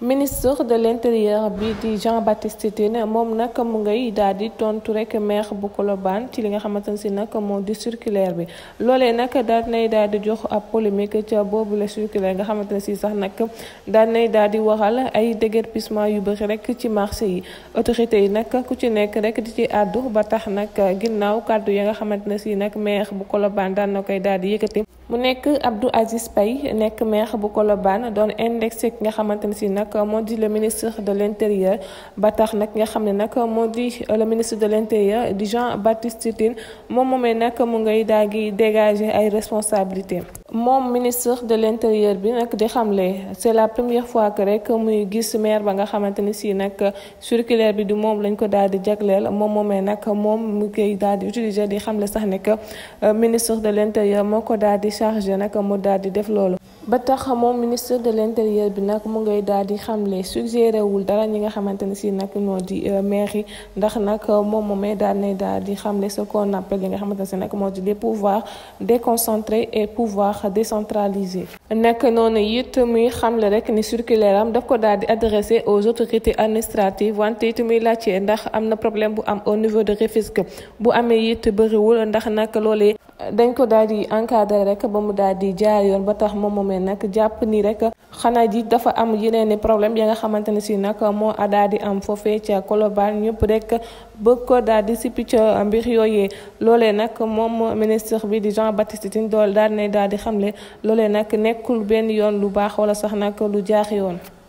ministre de l'intérieur bi di Jean-Baptiste Tine moom nag mu ngay daal di tontu rek maire bu Colobane ci li nga xamante ne si nag moo di circulaire bi loolee nag daal nay daal di jox ab polémique ca boobu la circulaire nga xamante ne si sax nag daal nay daal di waral ay déguerpissement yu bëri rek ci marché yi autorité yi nag ku ci nekk rek di ci àddu ba tax nag ginnaaw kàddu ya nga xamante ne si nag maire bu Colobane daan na koy daal di yëkkati mu nekk Abdou Aziz Paye nekk maire bu Colobane doon indexé ki nga xamante ne si nag moo di le ministre de l' intérieur ba tax nag nga xam ne nag moo di le ministre de l' intérieur di Jean Baptiste Tine moom moomee nag mu ngay daal di dégager ay responsabilités. moom ministre de l'intérieur bi nag di xamle c'est la première fois que rek muy gis maire ba nga xamante ni si nag circulaire bi di moom lañ ko daal di jagleel moom moomee nag moom mu koy daal di utiliser di xamle sax ne que euh, ministre de l'intérieur moo ko daal di chargé nag mu daal di def loolu. ba tax moom ministre de l' intérieur bi nag mu ngay daal di xamle suggéré wul dara ñi nga xamante ne si nag moo di euh, mairie ndax nag euh, moom mais daal nay daal di xamle ce qu'on appelle li nga xamante ne si nag moo di des pouvoirs déconcentrés et pouvoirs décentralisés. nekk noonu it muy xamle rek ni circulaire am daf ko daal di adressé aux autorités administratives wante it muy laajte ndax am na problème bu am au niveau de Rufisque bu amee it bëriwul ndax nag loolee. dañ ko daal di encadré rek ba mu daal di jaar yoon ba tax moom moomee nag jàpp nii rek xanaa ji dafa am yeneen i problème ya nga xamante ne si nag moo daal di am foofee ca Colobane ñëpp rek bëgg ko daal di sippi ca mbir yooyee loole nag moom ministre bi di Jean Baptiste Tine dool daal ne daal di xamle loolee nag nekkul benn yoon lu baax wala sax nag lu jaax yoon.